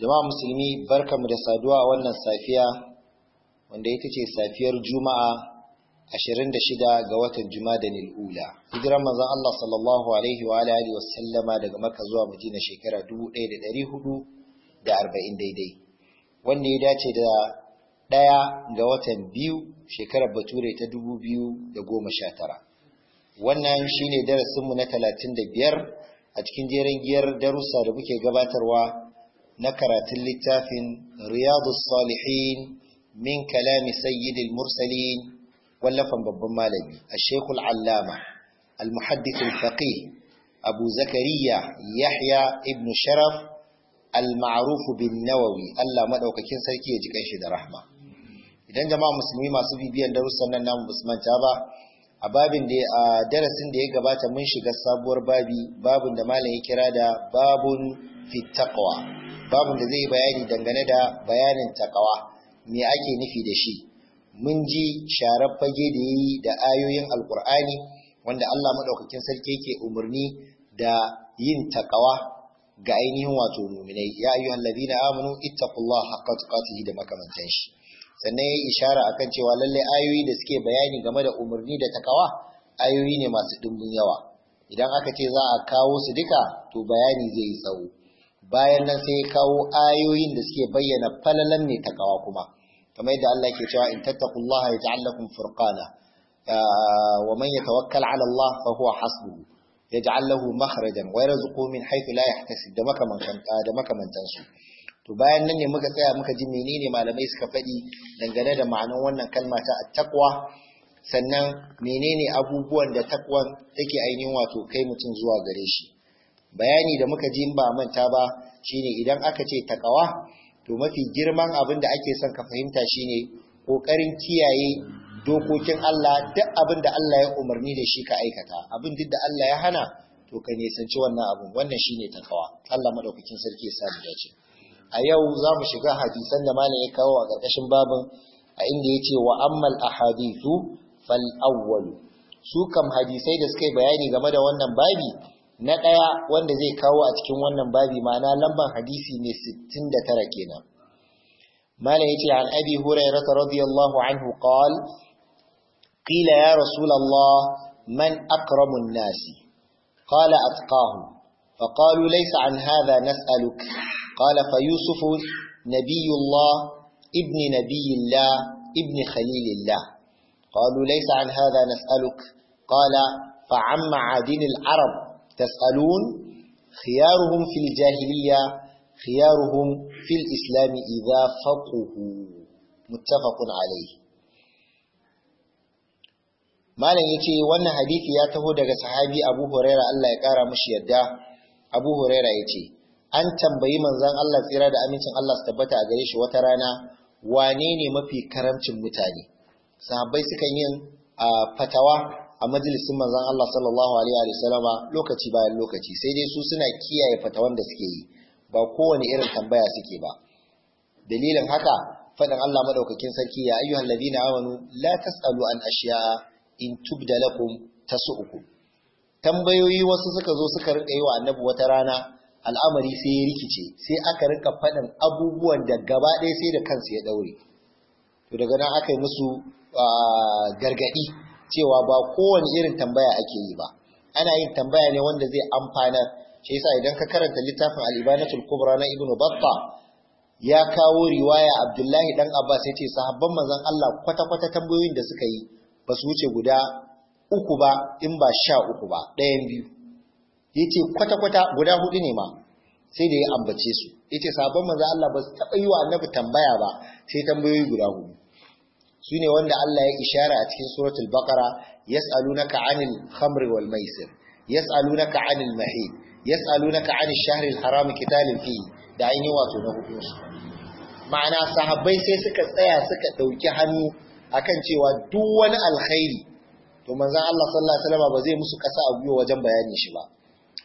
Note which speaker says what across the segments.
Speaker 1: jama'a musulmi barka mu da saduwa a wannan safiya wanda ita ce safiyar juma'a 26 ga watan da ula hijiran manzon Allah sallallahu alaihi wa alihi wa sallama daga makka zuwa madina shekara 1440 daidai wanda ya dace da ɗaya ga watan biyu shekarar bature ta 2019 wannan shine mu na 35 a cikin jerin giyar darussa da muke gabatarwa na karatun littafin riyadu salihin min kalami sayyidil mursalin wallafan babban malami a shekul allama al-muhaddithul faqih abu zakariya yahya ibn sharaf al-ma'rufu bin nawawi allah madaukakin sarki ya ji kanshi da rahma idan jama'a musulmi masu bibiyan darussan nan namu musulmanta ba a babin da a darasin da ya gabata mun shiga sabuwar babi babun da malam ya kira da babun fi taqwa babun da zai bayani dangane da bayanin takawa me ake nufi da shi mun ji sharar fage da yayi da ayoyin alkur'ani wanda Allah maɗaukakin sarki yake umarni da yin takawa ga ainihin wato mu'minai ya ayyuhal ladina amanu ittaqullaha haqqa tuqatih da makamantan shi sannan yayi ishara akan cewa lalle ayoyi da suke bayani game da umarni da takawa ayoyi ne masu dimbin yawa idan aka ce za a kawo su duka to bayani zai yi tsawo bayan nan sai ya kawo ayoyin da suke bayyana falalan ta takawa kuma kamar yadda Allah ke cewa in tattaqullaha yaj'al lakum furqana wa man yatawakkal 'ala Allah fa huwa hasbuhu yaj'al lahu makhrajan wa yarzuqu min haythu la yahtasib da makamantan da su to bayan nan ne muka tsaya muka ji menene malamai suka faɗi dangane da ma'anar wannan kalma ta at-taqwa sannan menene abubuwan da takwan take ainihin wato kai mutum zuwa gare shi bayani da muka ji ba manta ba shine idan aka ce takawa to mafi girman abin da ake son ka fahimta shine kokarin kiyaye dokokin Allah duk abin da Allah ya umarni da shi ka aikata abin duk da Allah ya hana to ka nisanci wannan abin wannan shine takawa Allah madaukakin sarki ya samu dace a yau za mu shiga hadisan da malam ya kawo a ƙarƙashin babin a inda ya ce wa ammal ahadithu fal awwal su kam hadisai da suka yi bayani game da wannan babi na ɗaya wanda zai kawo a cikin wannan babi ma'ana lamban hadisi ne 69 kenan malam yace an abi hurairah radiyallahu anhu qal qila ya rasulullah man akramun nasi qala atqahu فقالوا laysa an hadha nas'aluk qala fa yusuf nabiyullah ibn nabiyillah ibn khalilillah qalu laysa an hadha nas'aluk qala fa amma adin al arab tas'alun khiyaruhum fil jahiliya khiyaruhum fil islami idza faquhu muttafaqun alayhi malam yace wannan hadisi ya taho daga sahabi Abu Huraira Allah ya kara mishi yadda Abu Huraira yace an tambayi manzon Allah tsira da amincin Allah su tabbata a gare shi wata rana Wanene mafi karamcin mutane Sahabai sukan yin fatawa a majalisin manzan Allah sallallahu alaihi wa sallama lokaci bayan lokaci sai dai su suna kiyaye fatawan da suke yi ba kowane irin tambaya suke ba dalilin haka faɗin Allah madaukakin sarki ya ayyuhal ladina amanu la tasalu an ashiya in ta su uku. tambayoyi wasu suka zo suka rika yi wa annabi wata rana al'amari sai ya rikice sai aka rika faɗin abubuwan da gaba ɗaya sai da kansu ya daure to daga nan aka yi musu ah, gargaɗi cewa ba kowane irin tambaya ake yi ba ana yin tambaya ne wanda zai amfana shi yasa idan ka karanta littafin al-ibanatul kubra na ibnu batta ya kawo riwaya abdullahi dan abbas yace sahabban manzon Allah kwata-kwata tambayoyin da suka yi ba su wuce guda uku ba in ba sha uku ba ɗayan biyu yace kwata-kwata guda hudu ne ma sai da ya ambace su yace sahabban manzon Allah ba su taba yi wa annabi tambaya ba sai tambayoyi guda hudu su ne wanda Allah ya ishara a cikin suratul baqara yas'alunaka 'anil khamri wal maisir yas'alunaka 'anil mahid yas'alunaka 'anil shahri al haram qitalin fi da ainihin wato na hudun su ma'ana sahabbai sai suka tsaya suka dauki hannu akan cewa duk wani alkhairi to manzon Allah sallallahu alaihi wasallam ba zai musu kasa a biyo wajen bayanin shi ba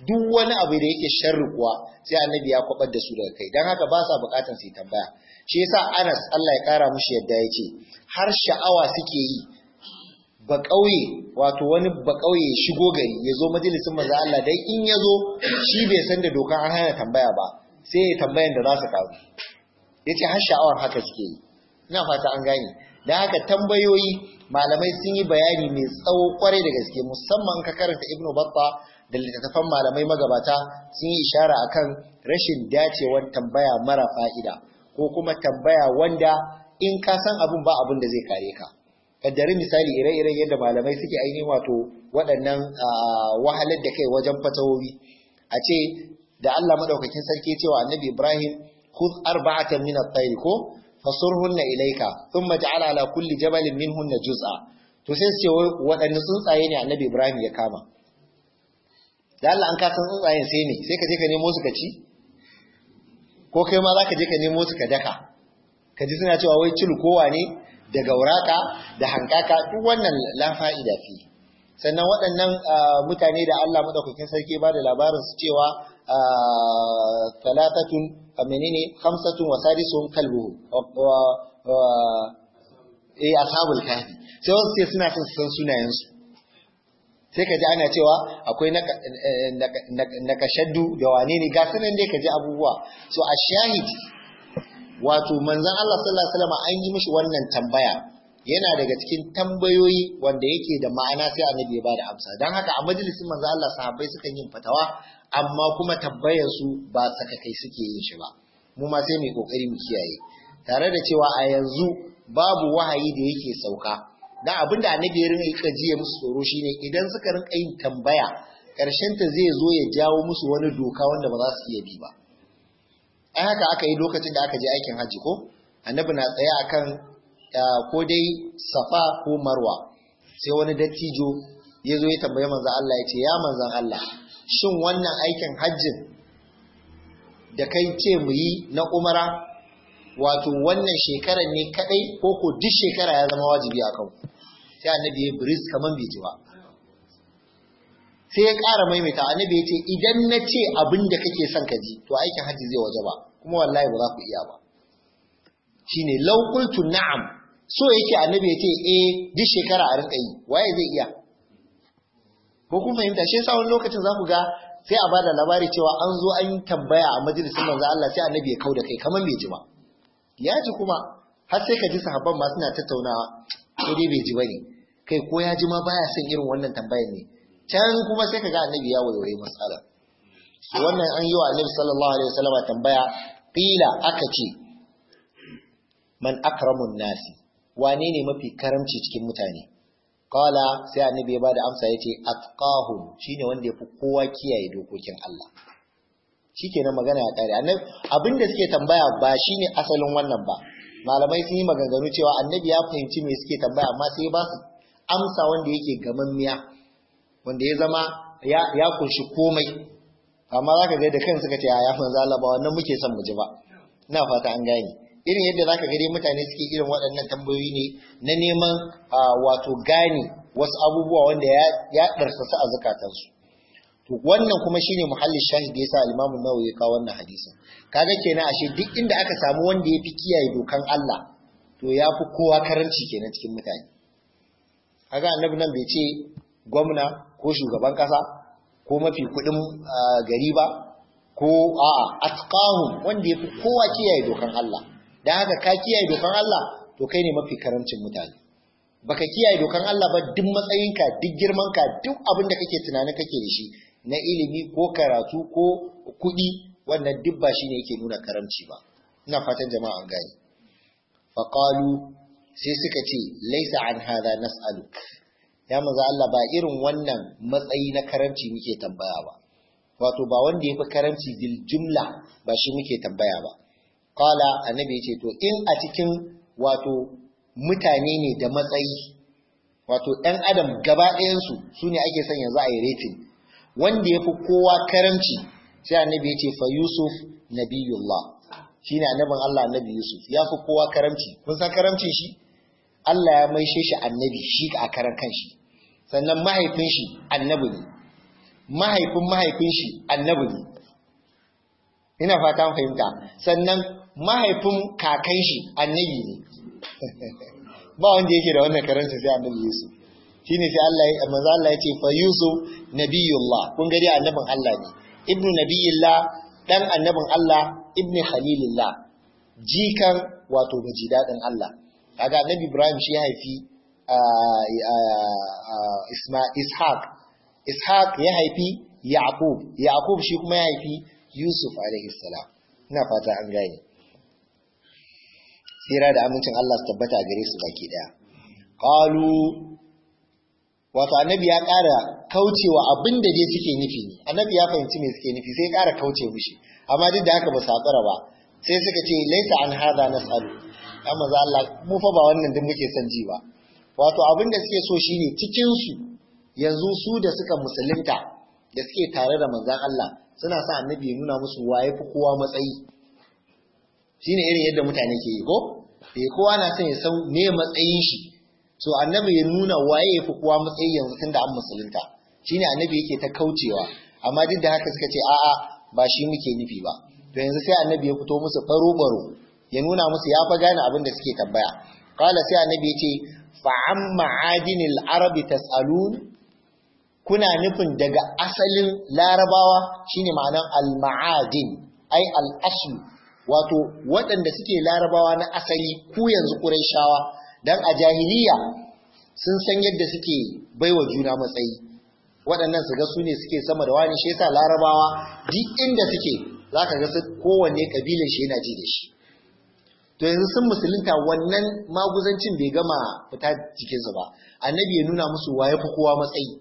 Speaker 1: duk wani abu da yake sharri kuwa sai annabi ya kwabar da su daga kai dan haka ba sa bukatan su tambaya shi yasa Anas Allah ya kara mushi yadda yace har sha'awa suke yi ba kauye wato wani ba kauye shigo gari ya zo majalisin manzo Allah dan in ya zo shi bai san da dokan an hana tambaya ba sai ya tambayan da za su kawo yace har sha'awar haka suke yi ina fata an gane dan haka tambayoyi malamai sun yi bayani mai tsawo kwarai da gaske musamman ka karanta Ibnu Battah da littattafan malamai magabata sun yi ishara akan rashin dacewar tambaya mara fa'ida ko kuma tambaya wanda in ka san abin ba abin da zai kare ka kaddari misali ire-iren yadda malamai suke ainihin wato waɗannan wahalar da kai wajen fatawowi a ce da Allah maɗaukakin sarki cewa annabi Ibrahim khudh arba'atan min at-tayr ko fasurhunna ilayka thumma ja'al ala kulli jabalin minhunna juz'a to sai su ce waɗannan tsuntsaye ne annabi Ibrahim ya kama da Allah an ka san tsuntsayen sai ne sai ka je ka nemo su ka ci ko kai ma za ka je ka nemo su ka daka ka ji suna cewa wai cilu kowa ne da gauraka da hankaka duk wannan da fi sannan waɗannan mutane da Allah madaukakin sarki ba da labarin su cewa talatatun menene khamsatun wa sadisun kalbuhu eh ashabul kahfi sai wasu ce suna son san sunayen su sai ka ji ana cewa akwai kashaddu da wane ne ga sanan dai ka ji abubuwa so a shahid wato manzan Allah sallallahu alaihi an yi mishi wannan tambaya yana daga cikin tambayoyi wanda yake da ma'ana sai annabi ya bada amsa dan haka a majalisin manzan Allah sahabbai sukan yi fatawa amma kuma tambayar su ba kai suke yin shi ba mu ma sai mai kokari mu kiyaye tare da cewa a yanzu babu wahayi da yake sauka dan abin da annabi ya rinka jiya musu tsoro shine idan suka rinka yin tambaya ƙarshen ta zai zo ya jawo musu wani doka wanda ba za su iya bi ba ai haka aka yi lokacin da aka je aikin hajji ko annabi na tsaye akan ko dai safa ko marwa sai wani dattijo ya zo ya tambaye manzon Allah ya ce ya manzon Allah shin wannan aikin hajjin da kai ce mu yi na umara wato wannan shekarar ne kadai ko ko duk shekara ya zama wajibi a kanku sai annabi ya buris kaman bai ji ba sai ya kara maimaita annabi ya ce idan na ce abin da kake son ka ji to aikin hajji zai waje ba kuma wallahi ba za ku iya ba shine law qultu na'am so yake annabi ya ce eh duk shekara a rinka yi waye zai iya ko kun fahimta shi yasa wani lokacin za ku ga sai a bada labari cewa an zo an yi tambaya a majalisin manzo Allah sai annabi ya kauda kai kaman bai ji ba ya ji kuma har sai ka ji sahabban ma suna tattaunawa ko dai bai ji bane kai ko ya ji ma baya son irin wannan tambayar ne can kuma sai kaga annabi ya wayoyi matsala wannan an yi wa annabi sallallahu alaihi wasallam tambaya qila aka ce man akramun nasi wane ne mafi karamci cikin mutane qala sai annabi ya bada amsa yace atqahu shine wanda yafi kowa kiyaye dokokin Allah shikenan magana ya kare annabi abinda suke tambaya ba shine asalin wannan ba malamai sun yi maganganu cewa annabi ya fahimci me suke tambaya amma sai ba su amsa wanda yake gamammiya wanda ya zama ya kunshi komai amma za ka ga da kansu ce ya fi zala ba wannan muke son mu ji ba ina fata an gane irin yadda zaka ga dai mutane suke irin waɗannan tambayoyi ne na neman ah, wato gane wasu abubuwa wanda ya ɗarsasa a zukatansu to wannan kuma shine muhallin shahid yasa al-Imam an-Nawawi ya kawo wannan hadisin kaga kenan ashe duk inda aka samu wanda yafi kiyaye dokan Allah to yafi kowa karanci kenan cikin mutane kaga annabi nan bai ce gwamna ko shugaban kasa ko mafi kudin gari ba ko a'a atqahum wanda yafi kowa kiyaye dokan Allah dan haka ka kiyaye dokan Allah to kai ne mafi karancin mutane baka kiyaye dokan Allah ba duk matsayinka duk girmanka duk abin da kake tunanin kake da shi na ilimi ko karatu ko kuɗi wannan duk ba shine yake nuna karamci ba ina fatan jama'a an Faƙalu sai suka ce laisa an hadha nas'alu ya manzo Allah ba irin wannan matsayi na karamci muke tambaya ba wato ba wanda yafi karamci bil jumla ba shi muke tambaya ba qala annabi ya ce to in a cikin wato mutane ne da matsayi wato ɗan adam gaba ɗayansu su ne ake son yanzu a yi rating wanda ya fi kowa karamci sai annabi ya ce fa yusuf nabiyullah shi ne annabin allah annabi yusuf ya fi kowa karamci kun san karamcin shi allah ya maishe shi annabi shi a karan kanshi sannan mahaifin shi annabi ne mahaifin mahaifin shi annabi ne ina fata fahimta sannan mahaifin kakan shi annabi ne ba wanda yake da wannan karanci sai annabi yusuf shine sai Allah ya manzo Allah ya ce fa Yusuf nabiyullah kun gari annabin Allah ne ibnu nabiyillah dan annabin Allah ibnu khalilillah jikan wato majidadin Allah kaga annabi Ibrahim shi ya haifi Isma Ishaq Ishaq ya haifi Yaqub Yaqub shi kuma ya haifi Yusuf alaihi salam ina fata an gane tsira da amincin Allah su tabbata gare su baki daya qalu wato annabi ya kara kaucewa abin da dai suke nufi ne annabi ya fahimci me suke nufi sai ya ƙara kauce mushi amma duk da haka ba su haƙura ba sai suka ce laisa an hada tsaro ya maza Allah mu fa ba wannan duk muke son ji ba wato abin da suke so shine cikin su yanzu su da suka musulunta da suke tare da manzon Allah suna sa annabi ya nuna musu waye fi kowa matsayi shine irin yadda mutane ke yi ko e kowa na son ya san me matsayin shi so annabi ya nuna waye ya fi kowa matsayi yanzu tun da an musulunta shine annabi yake ta kaucewa amma duk da haka suka ce a'a ba shi muke nufi ba to yanzu sai annabi ya fito musu baro baro ya nuna musu ya fa gane abin da suke tambaya qala sai annabi ya ce fa an ma'adinil arab tas'alun kuna nufin daga asalin larabawa shine ma'anan al ma'adin ai al asl wato waɗanda suke larabawa na asali ku yanzu shawa? dan a jahiliya sun san yadda suke baiwa juna matsayi waɗannan su ga su ne suke sama da wani shi larabawa duk inda suke zaka ga su kowanne kabilar shi yana ji da shi to yanzu sun musulunta wannan maguzancin bai gama fita jikinsu ba annabi ya nuna musu waye fi kowa matsayi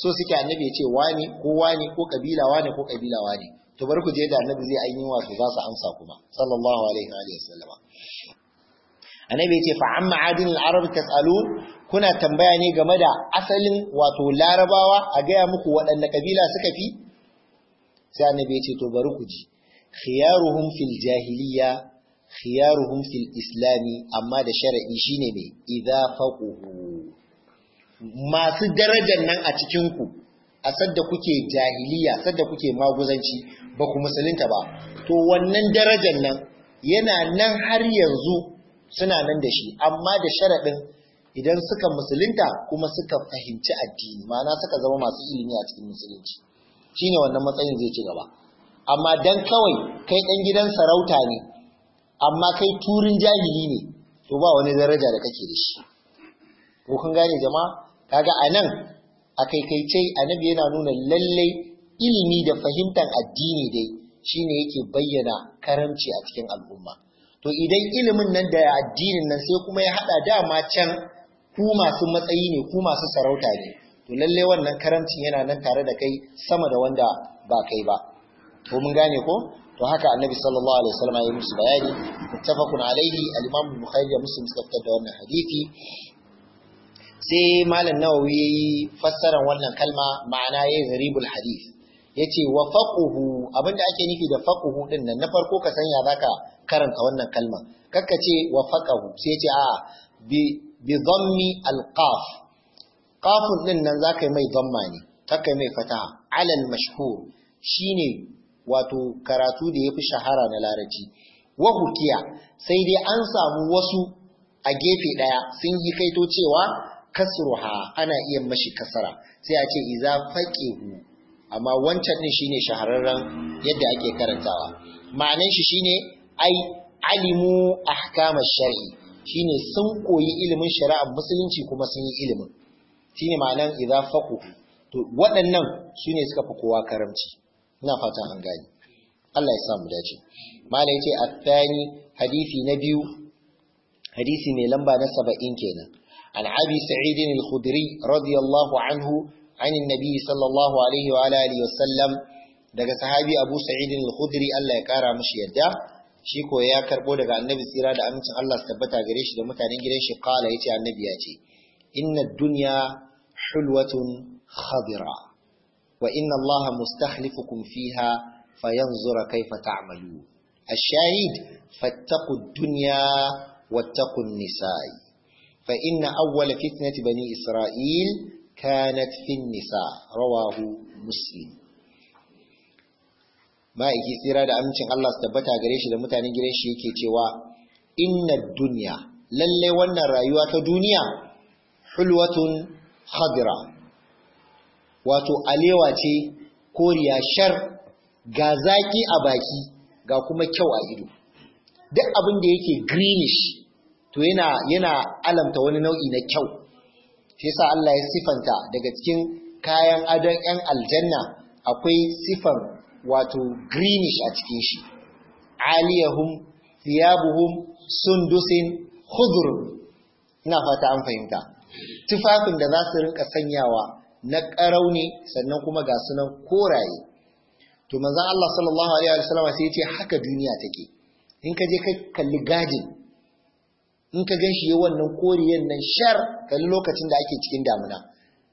Speaker 1: so suke annabi ya ce wani ko wani ko kabila wani ko kabila wani to bari ku je da annabi zai ainihin wasu za su amsa kuma sallallahu alaihi wa sallama annabi ya ce fa amma adinul arab tasalun kuna tambaya ne game da asalin wato larabawa a gaya muku waɗanne kabila suka fi sai annabi ya ce to bari ku ji khiyaruhum fil jahiliya khiyaruhum fil islami amma da shar'i shine ne idza faquhu masu darajar nan a cikin ku a sadda kuke jahiliya sadda kuke maguzanci ba ku musulunta ba to wannan darajar nan yana nan har yanzu suna nan da shi amma da sharaɗin idan suka musulunta kuma suka fahimci addini ma'ana suka zama masu ilimi a cikin musulunci shine wannan matsayin zai ci gaba amma dan kawai kai ɗan gidan sarauta ne amma kai turin jahili ne to ba wani daraja da kake da shi ko kun gane jama'a kaga anan a kaikaice annabi yana nuna lallai ilimi da fahimtar addini dai shine yake bayyana karamci a cikin al'umma to idan ilimin nan da addinin nan sai kuma ya haɗa dama can ku masu matsayi ne ku masu sarauta ne to lallai wannan karamcin yana nan tare da kai sama da wanda ba kai ba to mun gane ko to haka annabi sallallahu alaihi wasallam ya musu bayani muttafaqun alaihi al-imam bukhari da musu suka da wannan hadisi sai malam nawawi fassarar wannan kalma ma'ana yayin zaribul hadith yace wa faquhu abinda ake nufi da faquhu din nan na farko ka sanya zaka karanta wannan kalmar. kakka ce wa faqahu sai yace a bi bi dhammi alqaf qafun din nan zaka mai dhamma ne kakka mai fataha alal mashhur shine wato karatu da yafi shahara na larabci wa hukiya sai dai an samu wasu a gefe ɗaya sun yi kaito cewa kasruha ana iya mashi kasara sai a ce iza faqihu amma wancan ɗin shine shahararren yadda ake karantawa ma'anan shi shine ai alimu ahkama Shi shine sun koyi ilimin shari'ar musulunci kuma sun yi ilimin shine ma'anan idza faqu to waɗannan sune suka fi kowa karamci ina fatan an gani Allah ya samu dace malai yace athani hadisi na biyu hadisi mai lamba na 70 kenan an abi sa'id al-khudri radiyallahu anhu anin nabi sallallahu alaihi wa alihi daga sahabi Abu Sa'id al-Khudri Allah ya kara mishi yadda shi ko ya karbo daga annabi tsira da amincin Allah su tabbata gare shi da mutanen gidan shi kala yace annabi ya ce inna dunya hulwatun khadira wa inna Allah mustakhlifukum fiha fayanzura kaifa ta'malu الشاهد فاتقوا الدنيا واتقوا النساء فإن أول فتنة bani Isra'il. kanat fin nisa rawahu muslim ma'aiki tsira da amincin Allah su tabbata gare shi da mutanen gidan shi yake cewa inna duniya lalle wannan rayuwa ta duniya hulwatun khadira wato alewa ce koriya shar ga zaki a baki ga kuma kyau a ido duk abin da yake greenish to yana yana alamta wani nau'i na kyau shi yasa Allah ya sifanta daga cikin kayan adon 'yan aljanna akwai sifan wato greenish a cikin shi aliyahum thiyabuhum sundusin khudrun ina fata an fahimta tufafin da za su rinka sanyawa na karauni sannan kuma ga sunan koraye to manzon Allah sallallahu alaihi wasallam sai ya ce haka duniya take in ka je ka kalli gajin in ka gan shi yi wannan koriyan nan shar kan lokacin da ake cikin damuna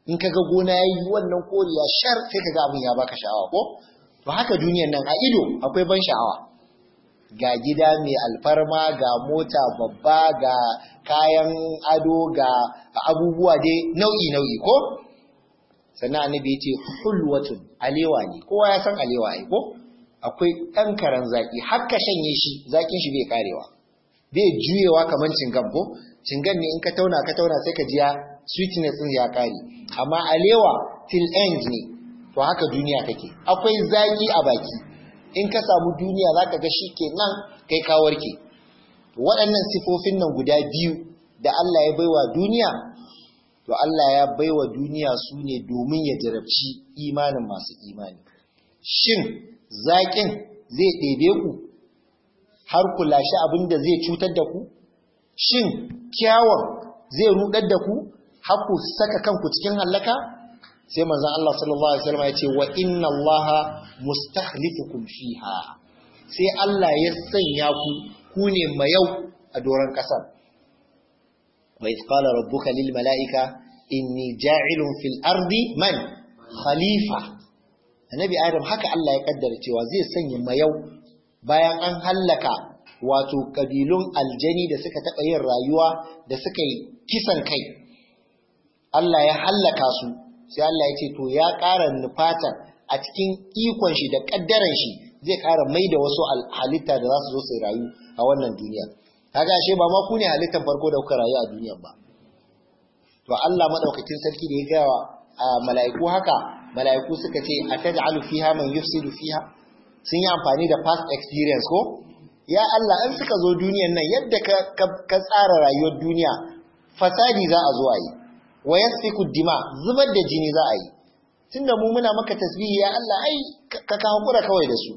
Speaker 1: in ka ga gona ya yi wannan koriya shar sai ka ga abin ya baka sha'awa ko to haka duniyan nan a ido akwai ban sha'awa ga gida mai alfarma ga mota babba ga kayan ado ga abubuwa dai nau'i nau'i ko sannan annabi ya ce hulwatun alewa ne kowa ya san alewa ai ko akwai ɗan karen zaki har ka shanye shi zakin shi bai karewa bai juyewa kamar cingan ko cingan ne in ka tauna ka tauna sai ka ji sweetness ya kare amma alewa till end ne to haka duniya take akwai zaki a baki in ka samu duniya za ka ga shi ke nan kai ka warke waɗannan sifofin nan guda biyu da Allah ya baiwa duniya to Allah ya baiwa duniya su ne domin ya jarabci imanin masu imani shin zakin zai ɗebe ku har ku lashi abin da zai cutar da ku shin kyawun zai rudar da ku har ku saka kanku cikin halaka sai manzon Allah sallallahu alaihi wasallam ya ce wa inna Allaha mustahlifukum fiha sai Allah ya sanya ku ku ne mayau a doron kasar wa iz qala rabbuka lil mala'ika inni ja'ilun fil ardi man khalifa annabi adam haka Allah ya kaddara cewa zai sanya mayau bayan an hallaka wato kabilun aljani da suka taɓa yin rayuwa da suka yi kisan kai Allah ya hallaka su sai Allah ya ce to ya ƙara nufatan a cikin ikon shi da ƙaddaran shi zai ƙara mai da wasu halitta da za su zo su rayu a wannan duniya kaga ashe ba ma ku ne halittan farko da kuka rayu a duniya ba to Allah madaukakin sarki da ya gaya wa mala'iku haka mala'iku suka ce ataj'alu fiha man yufsidu fiha sun yi amfani da past experience ko ya Allah in suka zo duniyan nan yadda ka tsara rayuwar duniya fasadi za a zo a yi wa yasfiku dima zubar da jini za a yi tunda mu muna maka tasbihi ya Allah ai ka ka hakura kawai da su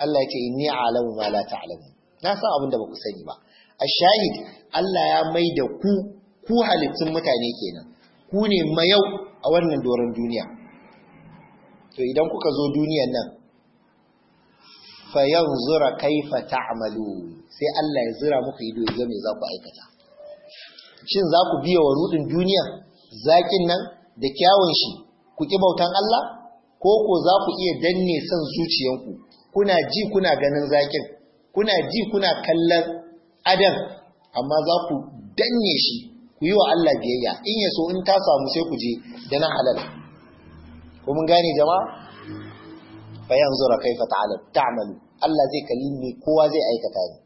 Speaker 1: Allah ya ce inni a'lamu ma la ta'lamu na san abin da baku sani ba ashahid Allah ya mai da ku ku halittun mutane kenan ku ne mayau a wannan doron duniya to idan kuka zo duniyan nan Fayan zura kaifa ta'malu sai Allah ya zura muku ido ya me za ku aikata shin za ku biya wa rudin duniya zakin nan da kyawun shi ku ki bautan Allah ko ko za ku iya danne san zuciyanku kuna ji kuna ganin zakin kuna ji kuna kallon adam amma za ku danne shi ku yi wa Allah biyayya in ya so in ta samu sai ku je da na halal ko mun gane jama'a fayanzura kaifa ta'malu Allah zai kalli ni kowa zai aikata ne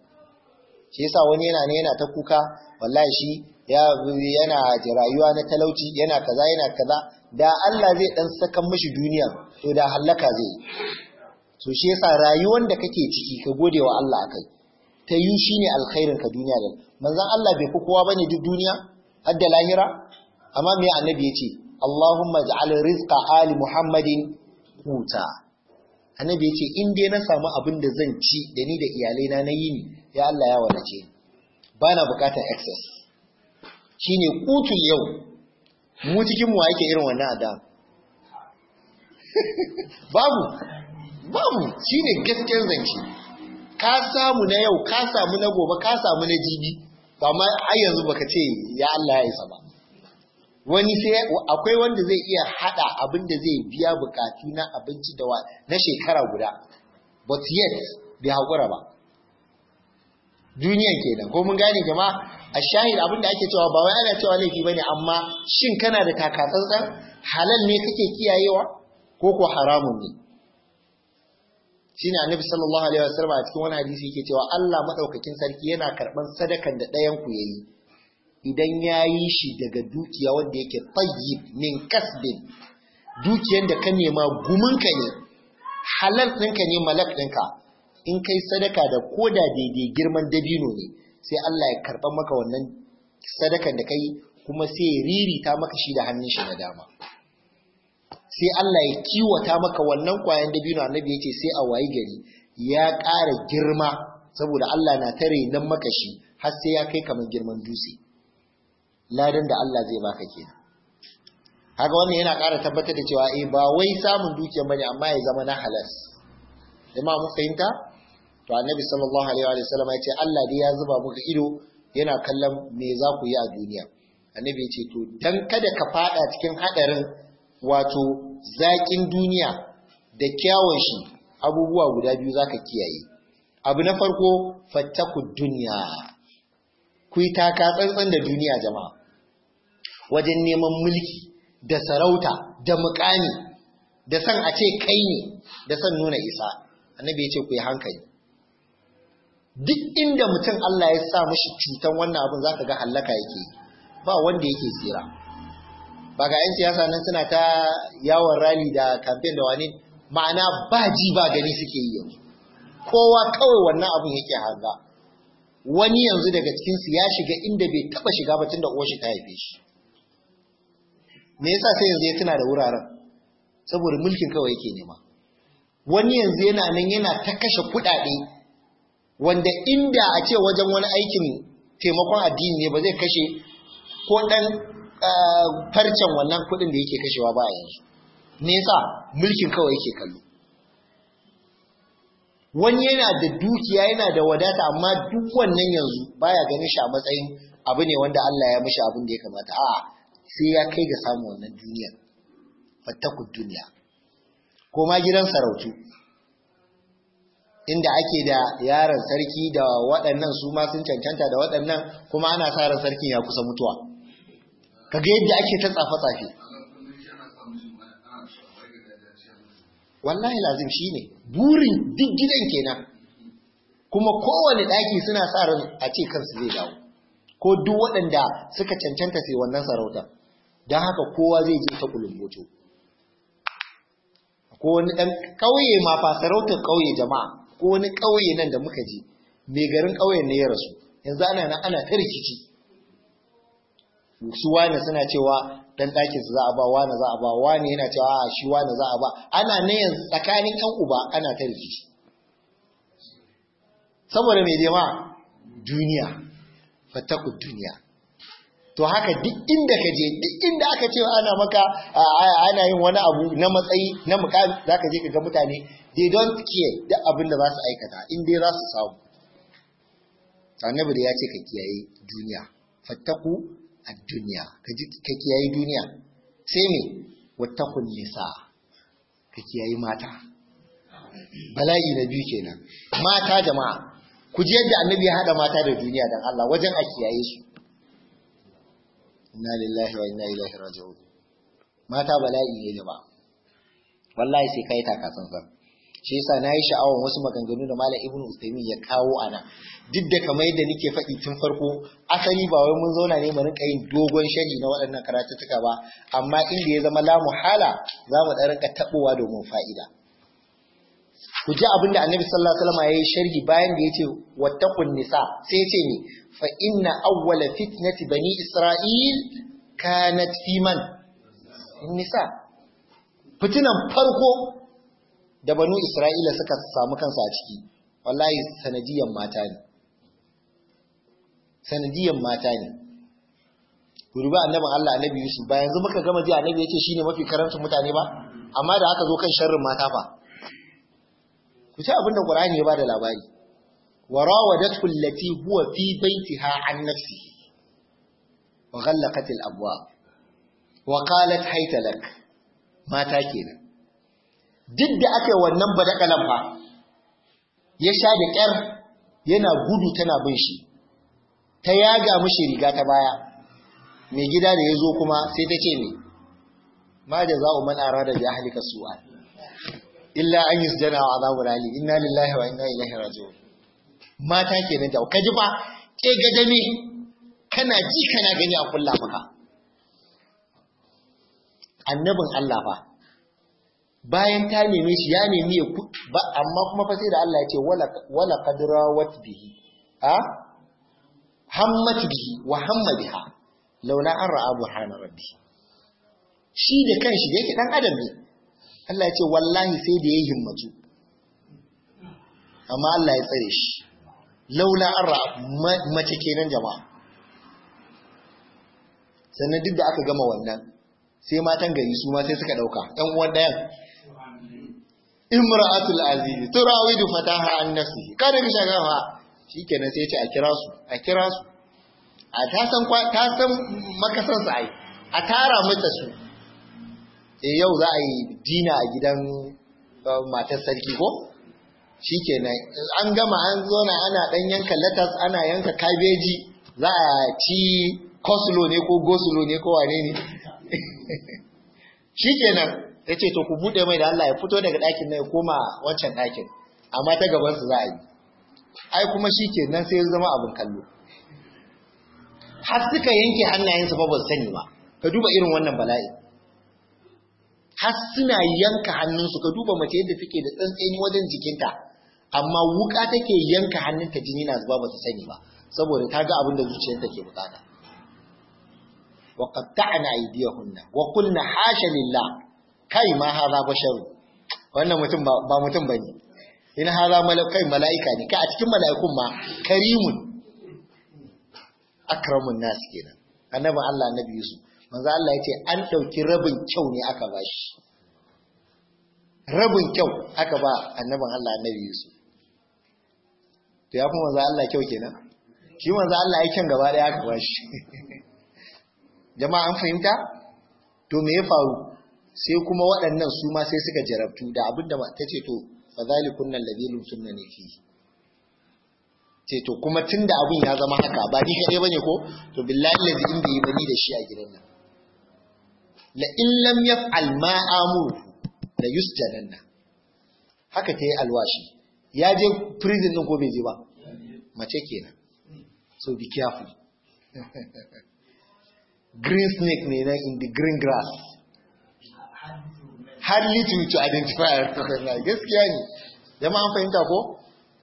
Speaker 1: shi yasa wani yana ne yana ta kuka wallahi shi ya yana rayuwa na talauci yana kaza yana kaza da Allah zai dan sakan mishi duniya to da hallaka zai yi. shi yasa rayuwar da kake ciki ka gode wa Allah akai ta yi shine alkhairin ka duniya da manzon Allah bai fi kowa bane duk duniya har da lahira amma me annabi ya ce Allahumma ij'al rizqa ali Muhammadin huta annabi ya ce in dai na samu abin da zan ci da ni da iyalaina na yi ni ya Allah ya wadace ba na bukatar excess shi ne kutun yau mu cikin mu yake irin wannan adam babu babu shi ne gaskiyar zance ka samu na yau ka samu na gobe ka samu na jibi ba ma ai yanzu baka ce ya Allah ya isa ba wani sai akwai wanda zai iya hada abin da zai biya bukatu na abinci da na shekara guda but yet bai haƙura ba duniyan kenan ko mun gane jama'a a shahid abin da ake cewa ba wai ana cewa laifi bane amma shin kana da takatsantsan halal ne kake kiyayewa ko ko haramun ne shine annabi sallallahu alaihi wasallam a cikin wani hadisi yake cewa Allah madaukakin sarki yana karban sadakan da ɗayan ku yayi idan ya yi shi daga dukiya wanda yake tayyib min kasbin dukiyar da ka nema guminka ne halal ɗinka ne malak ɗinka in kai sadaka da koda daidai girman dabino ne sai Allah ya karɓa maka wannan sadakan da kai kuma sai ya ririta maka shi da hannun shi na dama sai Allah ya kiwata maka wannan kwayan dabino annabi yace sai a wayi gari ya ƙara girma saboda Allah na tare nan maka shi har sai ya kai kamar girman dutse ladan da Allah zai baka kenan haka wannan yana ƙara tabbatar da cewa eh ba wai samun dukiya bane amma ya zama na halas jama'a mun fahimta to annabi sallallahu alaihi wa sallam ya ce Allah dai ya zuba muka ido yana kallon me za ku yi a duniya annabi ya ce to dan kada ka fada cikin hadarin wato zakin duniya da kyawun shi abubuwa guda biyu zaka kiyaye abu na farko fattaku duniya ku yi taka tsantsan da duniya jama'a wajen neman mulki da sarauta da mukami da san a ce kai ne da san nuna isa annabi ya ce ku yi hankali duk inda mutum Allah ya sa mushi cutan wannan abin zaka ga hallaka yake ba wanda yake tsira ba ga yan siyasa nan suna ta yawon rali da kamfen da wani ma'ana ba ji ba gani suke yi yanzu kowa kawai wannan abin yake hanga wani yanzu daga cikinsu ya shiga inda bai taba shiga ba tun da uwar shi ta haife shi me yasa sai yanzu ya tuna da wuraren saboda mulkin kawai yake nema wani yanzu yana nan yana ta kashe kuɗaɗe wanda inda a ce wajen wani aikin taimakon addini ne ba zai kashe ko ɗan ah, farcen wannan kuɗin da yake kashewa ba a yanzu me yasa mulkin kawai yake kallo wani yana da dukiya yana da wadata amma duk wannan yanzu baya ganin shi a matsayin abu ne wanda Allah ya mishi abin da ya kamata a'a sai ya kai ga samun wannan duniyar fattakun duniya ko ma gidan sarautu inda ake da yaran sarki da waɗannan su ma sun cancanta da waɗannan kuma ana sa ran sarkin ya kusa mutuwa kaga yadda ake ta tsafe-tsafe wallahi lazim shi ne. burin duk gidan kenan kuma kowane ɗaki suna sa ran a ce kansu zai dawo ko duk waɗanda suka cancanta sai wannan sarautar don haka kowa zai je ta kulumboto ko wani dan ƙauye ma fa sarautar ƙauye jama'a ko wani ƙauye nan da muka je mai garin ƙauyen ne ya rasu yanzu ana nan ana ta rikici su wani suna cewa dan ɗakin su za a ba wani za a ba wani yana cewa a shi wani za a ba ana nan yanzu tsakanin ƴan uba ana ta rikici saboda mai jama'a duniya fatakun duniya to haka duk inda ka je duk inda aka ce ana maka ana yin wani abu na matsayi na mukami ka je ka ga mutane they don't care duk abin da za su aikata in dai za su samu annabi da ya ce ka kiyaye duniya fattaku a duniya ka kiyaye duniya sai me wattakun nisa ka kiyaye mata bala'i na biyu kenan mata jama'a ku ji yadda annabi ya haɗa mata da duniya don Allah wajen a kiyaye su inna lillahi wa inna ilaihi raji'un mata bala'i ne jama'a wallahi sai kai ta kasansa shi yasa nayi sha'awar wasu maganganu da malam ibnu usaymin ya kawo ana duk da kamar yadda nake faɗi tun farko asali ba wai mun zauna ne mu rinka yin dogon shari na waɗannan karatuttuka ba amma inda ya zama la muhala za mu ɗan rinka taɓowa domin fa'ida ku ji abin da annabi sallallahu alaihi wasallam yayi sharhi bayan da yace wattaqun nisa sai yace ni fa inna awwala fitnati bani isra'il kanat fi man nisa fitinan farko da banu isra'ila suka samu kansu a ciki wallahi sanadiyan mata ne sanadiyan mata ne Duruba annabin Allah annabi Yusuf ba yanzu muka gama ji annabi yace shine mafi karantun mutane ba amma da haka zo kan sharrin mata fa ku ci abin da Qur'ani ya bada labari wa rawadatu allati huwa fi baitiha an nafsi. wa ghallaqat al-abwab wa qalat hayta lak ta kenan duk da aka yi wannan badakalan fa ya sha da kyar yana gudu tana bin shi ta yaga mishi riga ta baya mai gida da ya zo kuma sai ta ce ne ma da za'u man arada bi su'al illa an yi yusjana wa azabul ali inna lillahi wa inna ilaihi raji'un mata ke kenan da ka ji ba ke gadame kana ji kana gani a kulla maka annabin Allah fa bayan ta neme shi ya nemi ya ba amma kuma fa sai da Allah ya ce wala wala qadrawat bihi a hammat bihi wa hamma biha launa an ra'a burhana rabbi shi da kanshi da yake dan adam ne Allah ya ce wallahi sai da yayi himmatu amma Allah ya tsare shi laula arra mace kenan jama'a sannan duk da aka gama wannan sai matan gari su ma sai suka dauka ɗan uwan ɗayan imra'atul aziz turawidu fataha an nafsi kada ka shaga fa shikenan sai ce a kira su a kira su a ta san ta san makasan sai a tara mata su E yau za a yi dina a gidan uh, matar sarki ko shikenan an gama an zona ana dan yanka latas ana yanka kabeji za a ci kosulo ne ko gosulo ne ko wane ne shikenan ce to ku bude mai da Allah ya fito daga ɗakin nan ya koma wancan ɗakin amma ta gaban su za a yi ai kuma shikenan sai ya zama abin kallo har suka yanke hannayensu ba ba sani ma. ka duba irin wannan bala'i har suna yanka hannunsu ka duba mace yadda take da tsantseni wajen jikinta amma wuka take yanka hannunta jini na zuba su sani ba saboda ta ga abin da zuciyarta ke bukata wa qatta'na aydiyahunna wa qulna hasha lillah kai ma haza basharu wannan mutum ba mutum bane in haza malakai malaika ne kai a cikin malaikun ma karimun akramun nas kenan annabi Allah annabi Yusuf manzo Allah ya ce an ɗauki rabin kyau ne aka ba shi rabin kyau aka ba annabin Allah annabi Yusuf to ya fi manzo Allah kyau kenan shi manzo Allah ya kyan gaba ɗaya aka ba shi jama'a an fahimta to me ya faru sai kuma waɗannan su ma sai suka jarabtu da abin da ta ce to fa zalikun nan ladhi lumsunna ne fi ce to kuma tunda abin ya zama haka ba ni kadai bane ko to billahi ladhi in yi bani da shi a gidan nan la in lam yaf'al ma amuru la yusjadanna haka ta yi alwashi ya je prison din ko bai je ba mace kenan so be careful green snake ne na in the green grass hardly to to identify gaskiya ne zama an fahimta ko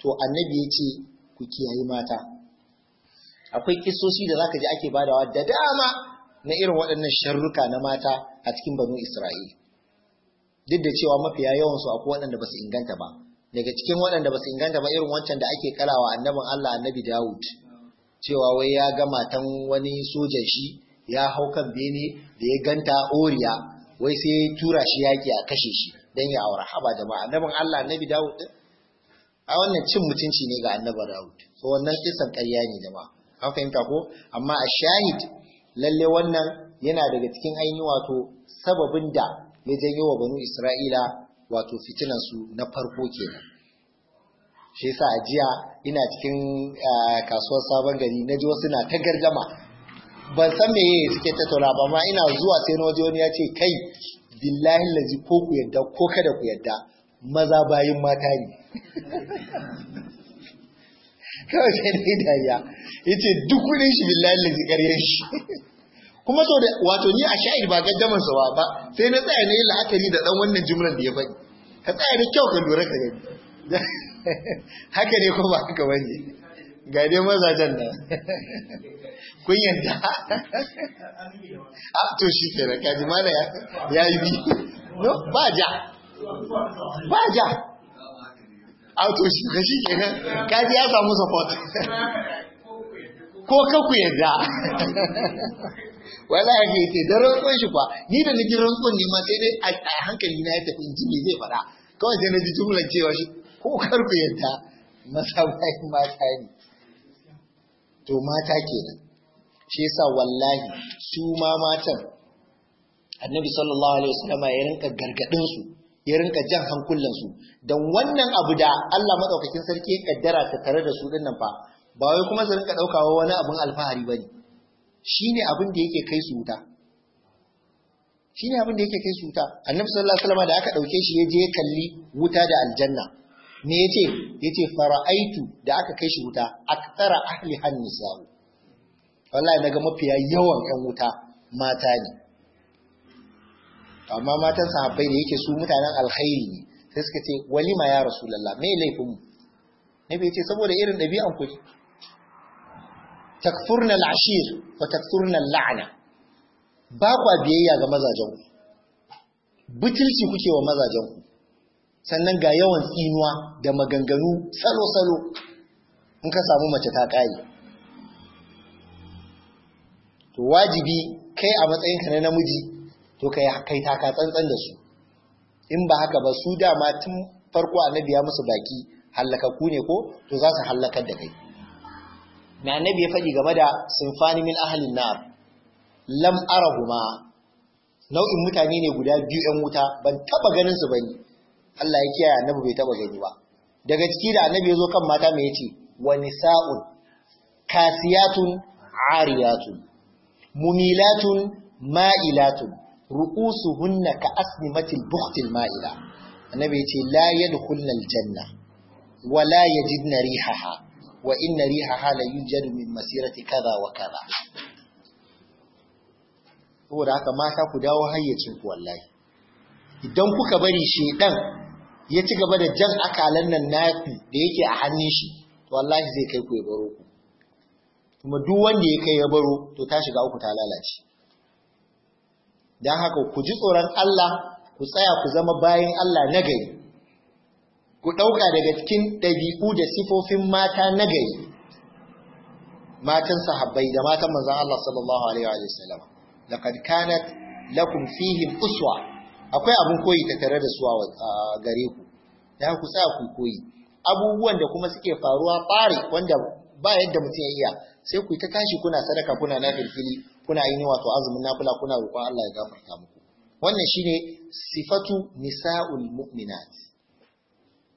Speaker 1: to annabi ya ce ku kiyaye mata akwai kisosi da zaka ji ake badawa da dama na irin waɗannan sharruka na mata a cikin banu isra'ila Duk da cewa mafiya yawansu akwai waɗanda ba su inganta ba, daga cikin waɗanda ba su inganta ba irin wancan da ake kalawa annabin Allah annabi Dawud, cewa wai ya ga matan wani sojan shi ya hau kan bene da ya ganta oriya, wai sai ya tura shi yaƙi a kashe shi don ya aura haba jama'a annabin Allah annabi Dawud a wannan cin mutunci ne ga annabin Dawud. So wannan kisan ƙarya ne jama'a. An fahimta ko? Amma a shahid lalle wannan yana daga cikin ainihin wato sababin da ya janyo wa banu Isra'ila wato fitinan su na farko kenan shi yasa a jiya ina cikin kasuwar sabon gari na ji wasu na ta gargama ban san me suke tattauna ba amma ina zuwa sai na waje wani ya ce kai billahi lazi ko ku yadda ko kada ku yadda maza bayin mata ne kawai sai dai dariya ce duk kudin shi billahi lazi karye shi kuma so da wato ni a sha'ir ba gaddaman sa ba sai na tsaya na yi la'akari da dan wannan jumlar da ya faɗi ka tsaya da kyau ka lura ka gani haka ne kuma ba haka bane ga dai mazajen nan kun yanta a ah, to shi kenan kaji mana ya yi bi ba ja ba ja auto shi ka shi kenan kaji ya samu support ko ka yadda wala ya ke ce don rantsuwan shi kwa ni da nake rantsuwan ne ma sai dai a hankali na ya tafi in ji me zai faɗa kawai sai na ji jumlar cewa shi ko karku yadda maza bayan mata ne to mata kenan shi yasa wallahi su ma matan annabi sallallahu alaihi wasallam ya rinka gargadin su ya rinka jan hankulansu don wannan abu da Allah maɗaukakin sarki ya kaddara ta tare da su ɗin nan fa ba wai kuma su rinka ɗaukawa wani abin alfahari ba ne shi ne abin da yake kai su wuta shi abin da yake kai su wuta annabi sallallahu alaihi wasallam da aka ɗauke shi ya je ya kalli wuta da aljanna me yace yace fara'aitu da aka kai shi wuta aktara ahli hannisa wallahi daga mafiya yawan kan wuta mata ne amma matan sahabbai da yake su mutanen alkhairi ne sai suka ce walima ya rasulullah me laifin mu nabi ya saboda irin ɗabi'an ku takfurna al wa takfurna la'ana ba kwa biyayya ga mazajen ku butulci kuke wa mazajen ku sannan ga yawan tsinuwa da maganganu salo-salo in ka samu mace ta ƙari to wajibi kai a matsayinka na namiji to kai kai taka tsantsan da su in ba haka ba su dama tun farko annabi ya musu baki hallakaku ne ko to za su hallakar da kai Na annabi ya faɗi game da sinfani min ahlin nar lam arahuma nau'in mutane ne guda biyu yan wuta ban taba ganin su bane Allah ya kiyaye annabi bai taba gani ba daga ciki da annabi ya zo kan mata mai yace wa nisa'un kasiyatun ariyatun mumilatun ma'ilatun ru'usuhunna ka asnimatil bukhtil ma'ila annabi yace la yadkhulna aljanna wa la yajidna rihaha wa inna rihaha la yujadu min masirati kaza wa kaza saboda haka mata ku dawo hayyacin ku wallahi idan kuka bari shedan ya ci gaba da jan akalan nan nafi da yake a hannun shi to wallahi zai kai ku ya baro ku kuma duk wanda ya kai ya baro to ta shiga uku ta lalace don haka ku ji tsoron Allah ku tsaya ku zama bayan Allah na gari ku ɗauka daga cikin ɗabi'u da sifofin mata na gari matan sahabbai da matan manzan Allah sallallahu alaihi wa sallam laqad kanat fihim uswa akwai abun koyi ta tare da su a gare ku haka ku tsaya ku koyi abubuwan da kuma suke faruwa bare wanda ba yadda mutum ya iya sai ku ta tashi kuna sadaka kuna na filfili kuna yin wato azumin nafila kuna roƙon Allah ya gafarta muku wannan shine sifatu nisa'ul mu'minat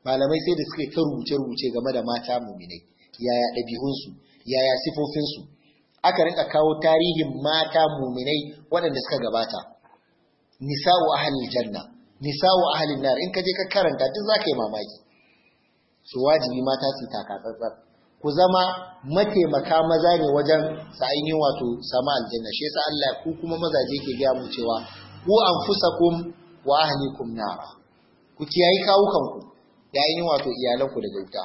Speaker 1: malamai sai da suke ta rubuce rubuce game da mata mu'minai yaya ɗabi'unsu yaya sifofinsu aka rinka kawo tarihin mata mu'minai waɗanda suka gabata nisa'u ahlil janna nisa'u ahlin nar in ka je ka karanta duk zaka yi mamaki su wajibi mata su taka tsantsan ku zama mataimaka maza ne wajen sa'ayin wato sama aljanna shi yasa Allah ku kuma mazaje ke gaya mu cewa ku anfusakum wa ahlikum nara ku kiyayi kawukan ku da ainihin wato iyalanku da gauta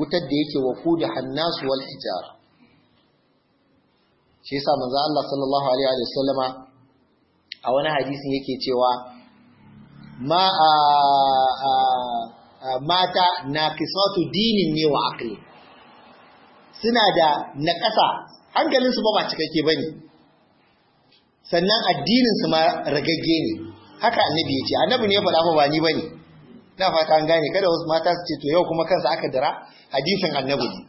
Speaker 1: wutar da yake wa ku da hannasu wal hijara shi yasa manzo Allah sallallahu alaihi wa sallama a wani hadisin yake cewa ma a mata na kisatu dinin ne wa aqli suna da naƙasa hankalinsu ba ba cikakke ba ne sannan addininsu ma ragagge ne haka annabi ya ce annabi ne ba faɗa ba ni ba ne na fata an gane kada wasu mata su ce to yau kuma kansa aka dara hadisin annabi ne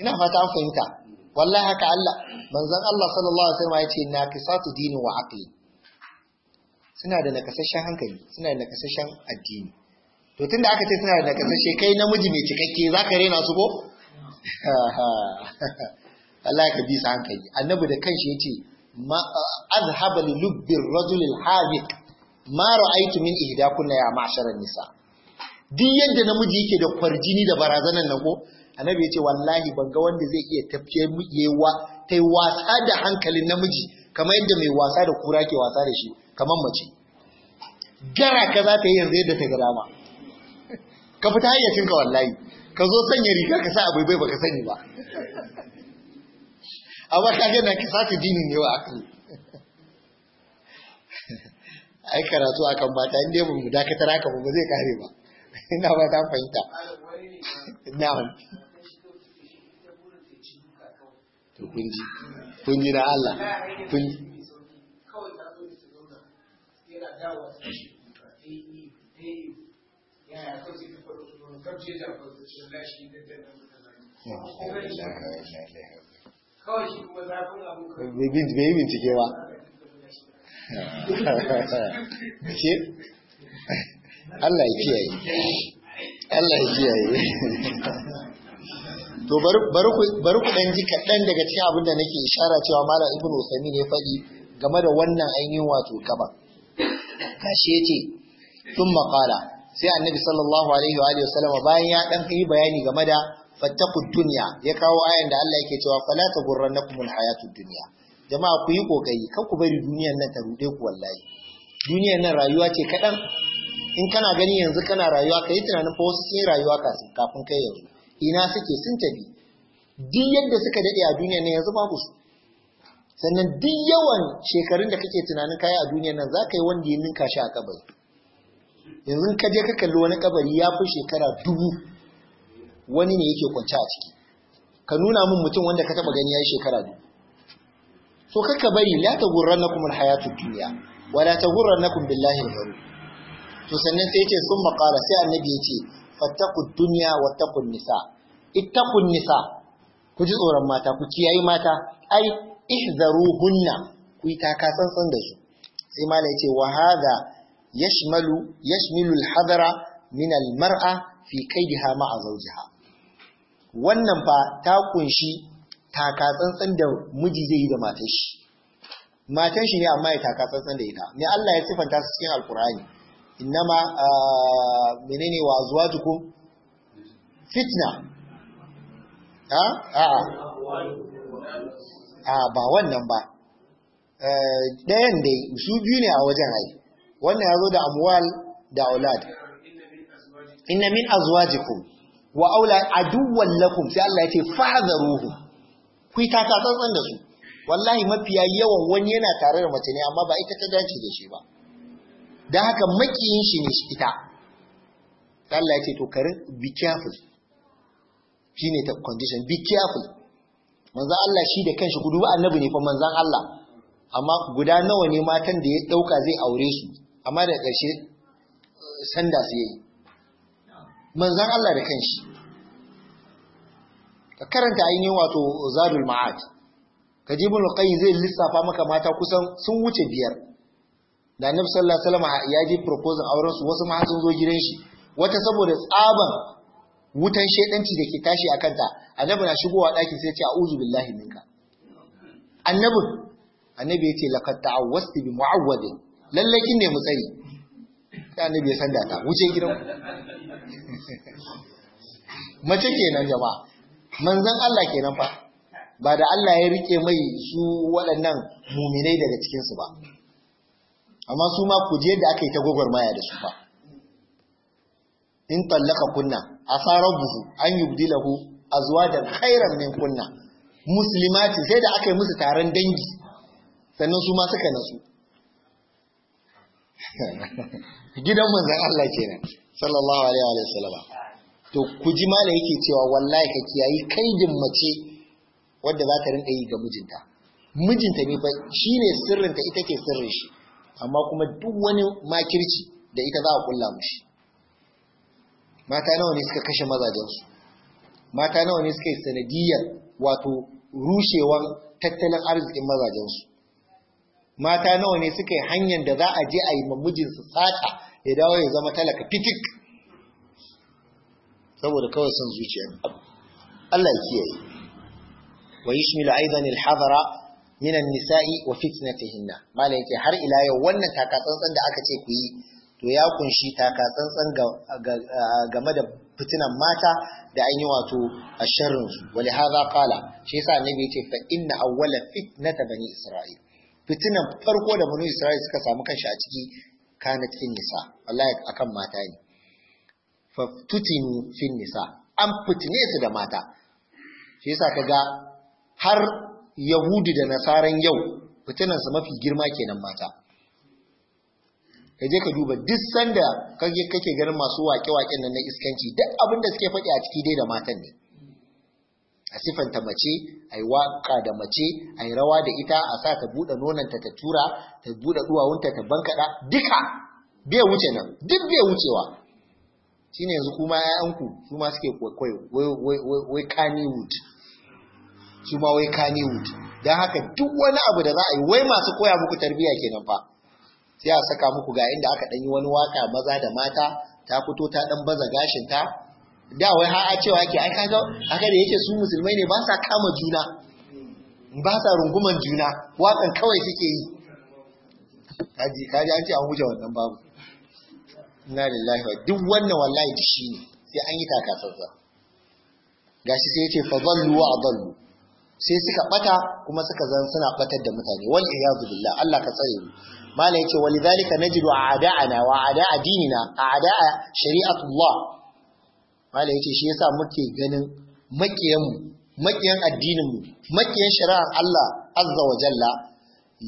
Speaker 1: ina fata an fahimta wallahi haka Allah manzon Allah sallallahu alaihi wasallam ya ce na kisatu dini wa aqli suna da nakasashen hankali suna da nakasashen addini to tunda aka ce suna da nakasashe kai namiji mai cikakke zaka rena su ko Allah ka an hankali annabi da kanshi yace azhaba li lubbir ar-rajul al-habiq ma ra'aytu min kunna ya ma'sharan nisa duk yadda namiji yake da kwarjini da barazanan nan ko annabi yace wallahi ban ga wanda zai iya tafiye yewa tai wasa da hankalin namiji kamar yadda mai wasa da kura ke wasa da shi kamar mace gara ka za ta yi yanzu yadda ta ga dama ka fita hayyacinka wallahi ka zo sanya riga ka sa abai bai baka sani ba amma ka ga na ka sace dini ne wa akan ai karatu a kan mata inda ba mu dakatar haka ba zai kare ba ina ba ta fahimta na to kun ji na Allah kun kawai ta zo zo yana ya yi sauke da position lashi da dana kawai shi kuma zafin abu kawai bai yi bincike ba ce Allah ya kiyaye Allah ya kiyaye to bari ku ɗan ji kaɗan daga cikin abin da nake ishara cewa malam ibn usaimin ya faɗi game da wannan ainihin wato gaba Kashe ce sun maƙala sai annabi sallallahu alaihi wa sallama bayan ya dan yi bayani game da fattakud dunya ya kawo ayan da Allah yake cewa fala taghurrannakumul hayatud dunya jama'a ku yi kokari kar ku bari duniyar nan ta rude ku wallahi duniyar nan rayuwa ce kadan in kana gani yanzu kana rayuwa kai tunanin fa wasu sun rayuwa kafin kai yanzu ina suke sun tafi duk yadda suka dade a duniyar nan yanzu babu su sannan duk yawan shekarun da kake tunanin kai a duniyar nan za ka yi wanda ya ninka shi a kabari yanzu ka je ka kalli wani kabari ya fi shekara dubu wani ne yake kwance a ciki ka nuna min mutum wanda ka taba gani ya yi shekara dubu so ka bari la ta na kuma dunya wa la ta kuma billahi da Haru? to sannan sai ce sun makara sai annabi yace fattaqud wa takun nisa ittakun nisa ku ji tsoron mata ku kiyayi mata ai hunna ku yi taka da su sai mala yace wa يشمل يشمل الحذر من min al-mar'a fi زوجها wannan fa ta kunshi taka tsantsan da miji zai yi da matar shi matan shi ne amma ya taka tsantsan da ita ne Allah ya sifanta su cikin alkur'ani innama ah, menene wa azwajukum fitna a a a ba wannan ba eh, ɗayan dai su biyu ne a wajen ai wannan ya zo da amwal da aulad inna min azwajikum wa aula aduwwan lakum sai Allah ya ce fa'zaruhu ku ta ka tsantsan da su wallahi mafiya yawan wani yana tare da mace ne amma ba ita ta dace da shi ba dan haka makiyin shi ne ita Allah ya ce to kare be careful shine ta condition be careful manzan Allah shi da kanshi gudu annabi ne fa manzan Allah amma guda nawa ne matan da ya dauka zai aure su amma da ƙarshe sanda su yi manzan Allah da kanshi ka karanta ainihin wato zadul ma'ad ka ji zai lissafa maka mata kusan sun wuce biyar da annabi sallallahu alaihi wasallam ya ji proposal auren su wasu ma sun zo gidan shi wata saboda tsaban wutan shedanci da ke tashi akan ta annabi na shigowa ɗakin sai ya ce a'udhu billahi minka annabin annabi ya ce laqad wasu bi mu'awwadin lallai kin mu tsayi sai bai sanda ta wuce gidan mace kenan jama'a manzon Allah kenan fa ba da Allah ya rike mai su waɗannan muminai daga cikinsu ba amma su ma ku je da aka yi ta gwagwarmaya da su fa in tallaka kunna asarabuhu an yubdilahu azwajan khairan min kunna muslimati sai da aka yi musu taron dangi sannan su ma suka nasu gidan manzan Allah kenan sallallahu alaihi wa sallama to ku ji mala yake cewa wallahi ka kiyayi kaidin mace wadda za ta rinka yi ga mijinta mijinta ne fa shine sirrin ta ita ke sirrin shi amma kuma duk wani makirci da ita za a kulla mishi mata nawa ne suka kashe su? mata nawa ne suka yi sanadiyar wato rushewar tattalin arzikin su? mata nawa ne suka yi hanyar da za a je a yi mamujinsu sata ya dawo ya zama talaka fitik saboda kawai son zuciya Allah ya kiyaye wa yishmilu aidan alhadara min an-nisa'i wa fitnatihinna malai yake har ila yau wannan takatsantsan da aka ce ku yi to ya kunshi takatsantsan game da fitinan mata da an yi wato a su wali hadha qala shi yasa annabi yace fa inna awwala fitnata bani isra'il fitinan farko da banu Isra'il suka samu kanshi a ciki kana cikin nisa wallahi akan mata ne fa tutinu fin nisa an fitine su da mata shi yasa kaga har yahudi da nasaran yau fitinan su mafi girma kenan mata kaje ka duba duk sanda kake ganin masu wake waƙen nan na iskanci duk abin da suke faɗi a ciki dai da matan ne a sifanta mace a yi waka da mace a yi rawa da ita a sa ta buɗe nonanta ta tura ta buɗe duwawunta ta bankaɗa duka bai wuce nan duk bai wucewa ne yanzu kuma 'ya'yanku? su ma suke kwaikwayo wai kaniwood su ma wai kaniwood don haka duk wani abu da za a yi wai masu koya muku tarbiyya kenan fa sai a saka muku ga inda aka ɗan yi wani waka maza da mata ta fito ta ɗan baza gashinta da wai ha'a cewa ke ai kaga aka da yake su musulmai ne ba sa kama juna ba sa runguman juna wakan kawai suke yi kaji kaji an ce an huce wannan babu inna lillahi wa duk wannan wallahi duk shine sai an yi takatsantsa gashi sai yace fa dhallu wa adallu sai suka bata kuma suka zan suna batar da mutane wal iyazu billah Allah ka tsare mu mala yace walidhalika najidu a'da'ana wa a'da'a dinina a'da'a shari'atullah mala ce shi yasa muke ganin makiyanmu makiyan addininmu makiyan shari'ar Allah azza wa jalla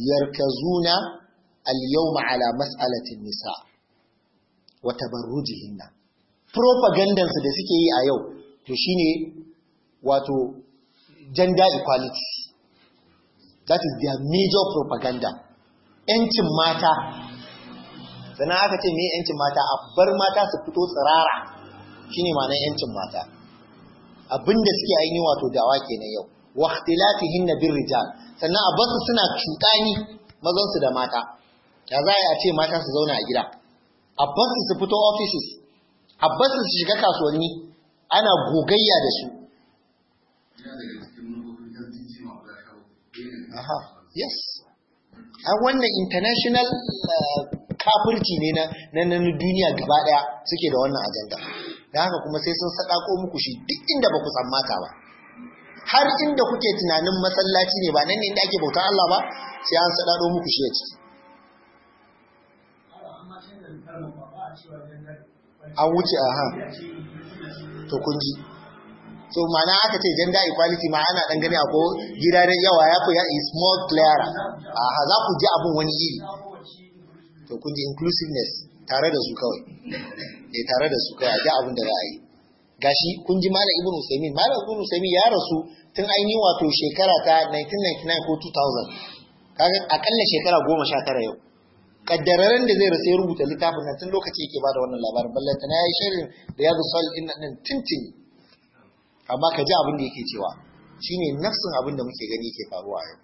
Speaker 1: yarkazuna al-yawma ala mas'alatin nisa wa tabarrujihinna propagandan su da suke yi a yau to shine wato gender equality that is their major propaganda yancin mata sannan aka ce me yancin mata a bar mata su fito tsirara shine ma'anar yancin mata abinda suke ainihin wato dawa na yau wa bin birrijal sannan a basu suna cuɗani mazan da mata ya za a ce mata su zauna a gida a basu su fito offices a basu su shiga kasuwanni ana gogayya da su aha yes a wannan international eh, kafirci ne na na duniya gaba ɗaya. suke da wannan ajanda da haka kuma sai sun sadako muku shi duk inda ba ku tsammata ba har inda kuke tunanin masallaci ne ba nan ne inda ake bauta Allah ba sai an sadado muku shi a ciki an wuce aha to kun ji so mana aka ce gender equality ma ana dan gani ako gida da yawa ya ku ya is more clearer aha za ku ji abun wani iri to kun ji inclusiveness tare da su kawai ya eh, tare da su kawai a ji abin da za a yi gashi kun ji malam ibnu usaimin malam ibnu usaimin ya rasu tun ainihin wato shekara ta 1999 ko 2000 kaga akalla shekara goma sha tara yau kaddararren da zai rasu ya rubuta littafin nan tun lokaci yake bada wannan labarin ballanta na yayi shirin da ya zo salih nan tintin amma ka ji abin da yake cewa shine nafsin abin da muke gani yake faruwa yau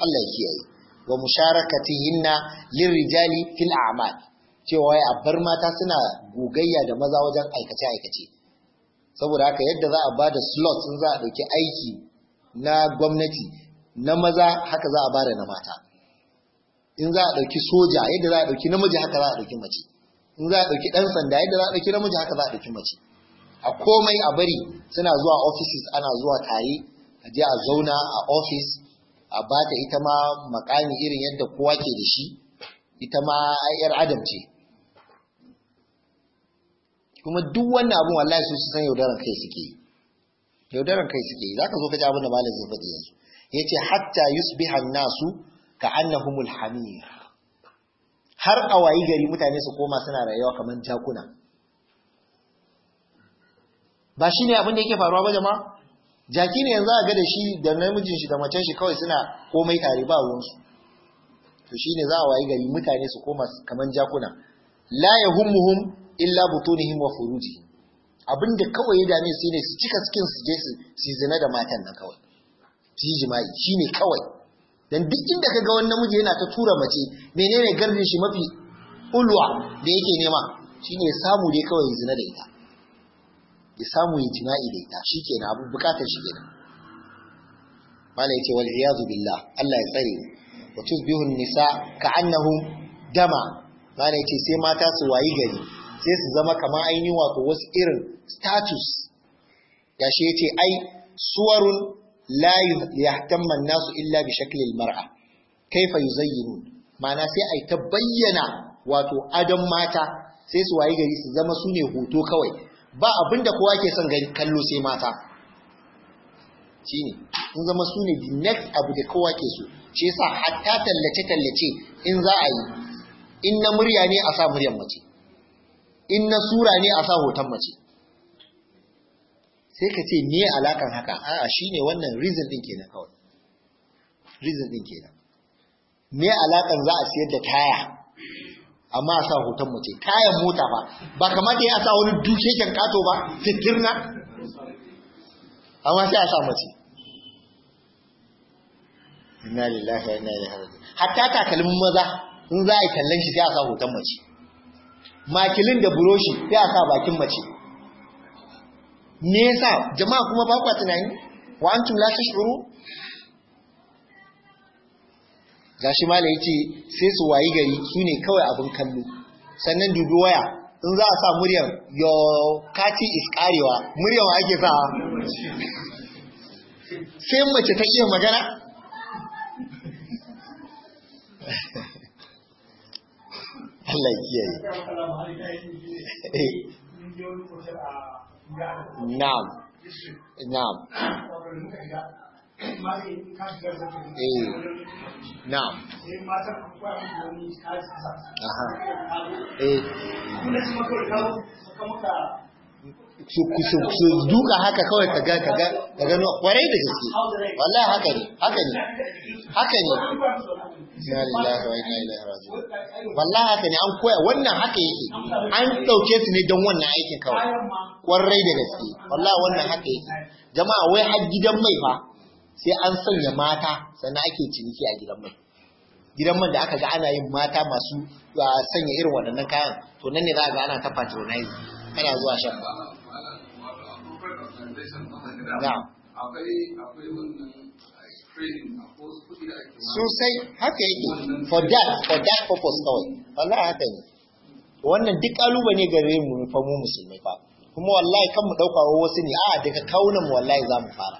Speaker 1: Allah ya kiyaye wa musharakatihinna lirrijali fil a'mal cewa ya bar mata suna gogayya da maza wajen aikace-aikace saboda haka yadda za a ba da slot in za a ɗauki aiki na gwamnati na maza haka za a ba da na mata in za a ɗauki soja yadda za a ɗauki namiji haka za a ɗauki mace in za a ɗauki ɗan sanda yadda za a ɗauki namiji haka za a ɗauki mace a komai a bari suna zuwa offices ana zuwa tare a je a zauna a office a ba ta ita ma makami irin yadda kowa ke da shi ita ma yar adam ce kuma duk wannan wa wallahi su san yaudaran kai suke yi yaudaran kai suke yi zaka zo ka ji abin da malam zai faɗi yanzu yace hatta yusbiha nasu ka annahumul hamir har a wayi gari mutane su koma suna rayuwa kamar jakuna ba shi ne abin da yake faruwa ba jama'a jaki ne yanzu a ga da shi da namijin shi da macen shi kawai suna komai tare ba ruwansu to shine za a wayi gari mutane su koma kamar jakuna la yahummuhum illa butunihim wa furuji abinda kawai ya dame su ne su cika cikin su je su zina da matan nan kawai su yi jima'i shine kawai dan duk inda ka ga namiji yana ta tura mace menene garbin shi mafi ulwa da yake nema shine ya samu dai kawai ya zina da ita ya samu ya jima'i da ita shikenan abu bukatar shi kenan mala yace wal iyazu billah Allah ya tsare wa tusbihu an-nisa ka'annahum dama mala yace sai mata su wayi gari sai su zama kamar ainihin wato wasu irin status ya ce ai suwarun ya yahtamman nasu illa bi shakilin mar'a kaifa yuzayyinun Mana sai yi ta bayyana wato adon mata sai su waye gari su zama su ne hoto kawai ba abinda kowa ke son gari kallo sai mata ne sun zama su ne the abu da kowa ke so shi yasa hatta tallace tallace in za a yi in na murya ne a sa muryar mace in na sura ne a sa hoton mace sai ka ce me alakan haka a'a shine wannan reason din kenan kawai reason din kenan me alakan za a siyar da taya amma a sa hoton mace tayan mota ba ba kamata ya sa wani dukeken kato ba fitirna amma sai a sa mace inna lillahi wa inna ilaihi raji'un hatta takalmin maza in za a yi tallan shi sai a sa hoton mace makilin da buroshi sai a sa bakin mace me yasa jama'a kuma ba kwa tunani wa antum la tashuru gashi mala yace sai su wayi gari su ne kawai abin kallo sannan dubi waya in za a sa muryar yo kati is karewa muryar ake sa sai mace ta iya magana Allah ya kiyaye na'am na'am eh na'am eh su duka haka kawai ka ga ka no kwarai da gaske wallahi haka ne haka ne haka ne inna wa inna ilaihi raji'un wallahi haka ne an koya wannan haka yake an dauke su ne don wannan aikin kawai kwarai da gaske wallahi wannan haka yake jama'a wai har gidan mai fa sai an sanya mata sannan ake ciniki a gidan mai gidan man da aka ga ana yin mata masu sanya irin waɗannan kayan to nan ne za a ga ana ta patronize kana zuwa shan ba sosai haka yake for that for that purpose kawai Allah haka ne wannan duk kalubale gare mu fa mu musulmai fa kuma wallahi kan mu dauka wasu ne a daga kaunan mu wallahi za mu fara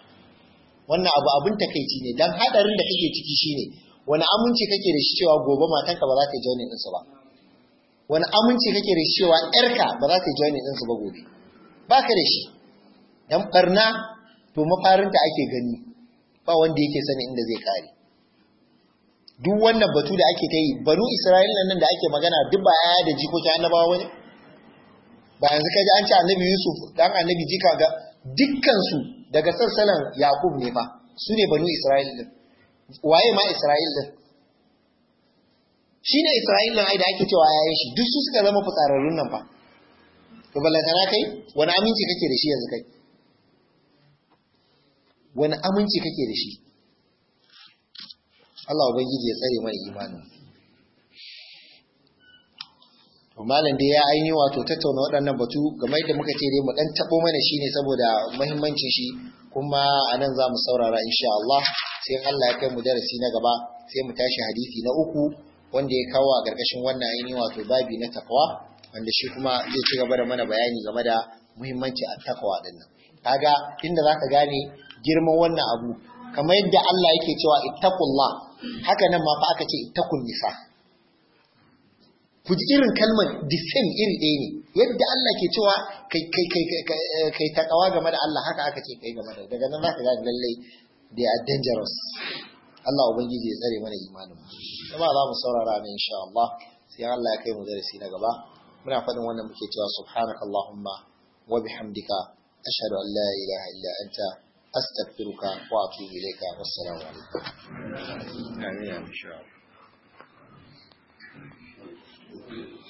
Speaker 1: wannan abu abin takaici ne don hadarin da kake ciki shi ne, wani aminci kake da shi cewa gobe matanka ba za ta join din ɗinsu ba wani aminci kake da shi cewa yarka ba za ta join din ɗinsu ba gobe Ba ka da shi dan ɓarna, to mafarinta ake gani ba wanda yake sani inda zai kare duk wannan batu da ake ta yi banu isra'ila nan da ake magana duk ba yaya da jikoki annabawa wani ba yanzu ka ji an ce annabi yusuf dan annabi jika ga dukkansu daga sassanan yakub ne ba, su ne banu isra'ila din waye ma isra'ila din shine isra'ila ai da ake cewa yayin shi duk su suka zama fitsararrun nan ba. to ballantana kai wani aminci kake da shi yanzu kai wani aminci kake da shi Allah ubangiji ya tsare mana imanin malam dai ya ainihi wato tattauna waɗannan batu game da muka ce dai mu dan taɓo mana shi ne saboda muhimmancin shi kuma a nan za mu saurara insha Allah sai Allah ya kai mu darasi na gaba sai mu tashi hadisi na uku wanda ya kawo a ƙarƙashin wannan ainihi wato babi na takwa wanda shi kuma zai ci gaba da mana bayani game da muhimmancin at-takwa din nan kaga inda zaka gane girman wannan abu kamar yadda Allah yake cewa ittaqullah haka nan ma fa aka ce ittaqun nisa ku ji irin kalmar the same iri ɗaya ne yadda Allah ke cewa kai kai kai kai eh, takawa game da Allah haka aka ce kai game da daga nan zaka ga lallai they are dangerous Allah ubangiji ya tsare mana imanin mu kuma za mu saurara ne insha Allah sai Allah ya kai mu darasi na gaba muna faɗin wannan muke cewa subhanakallahumma wa bihamdika ashhadu an la ilaha illa anta astaghfiruka wa atubu ilayka wassalamu alaikum amin insha Allah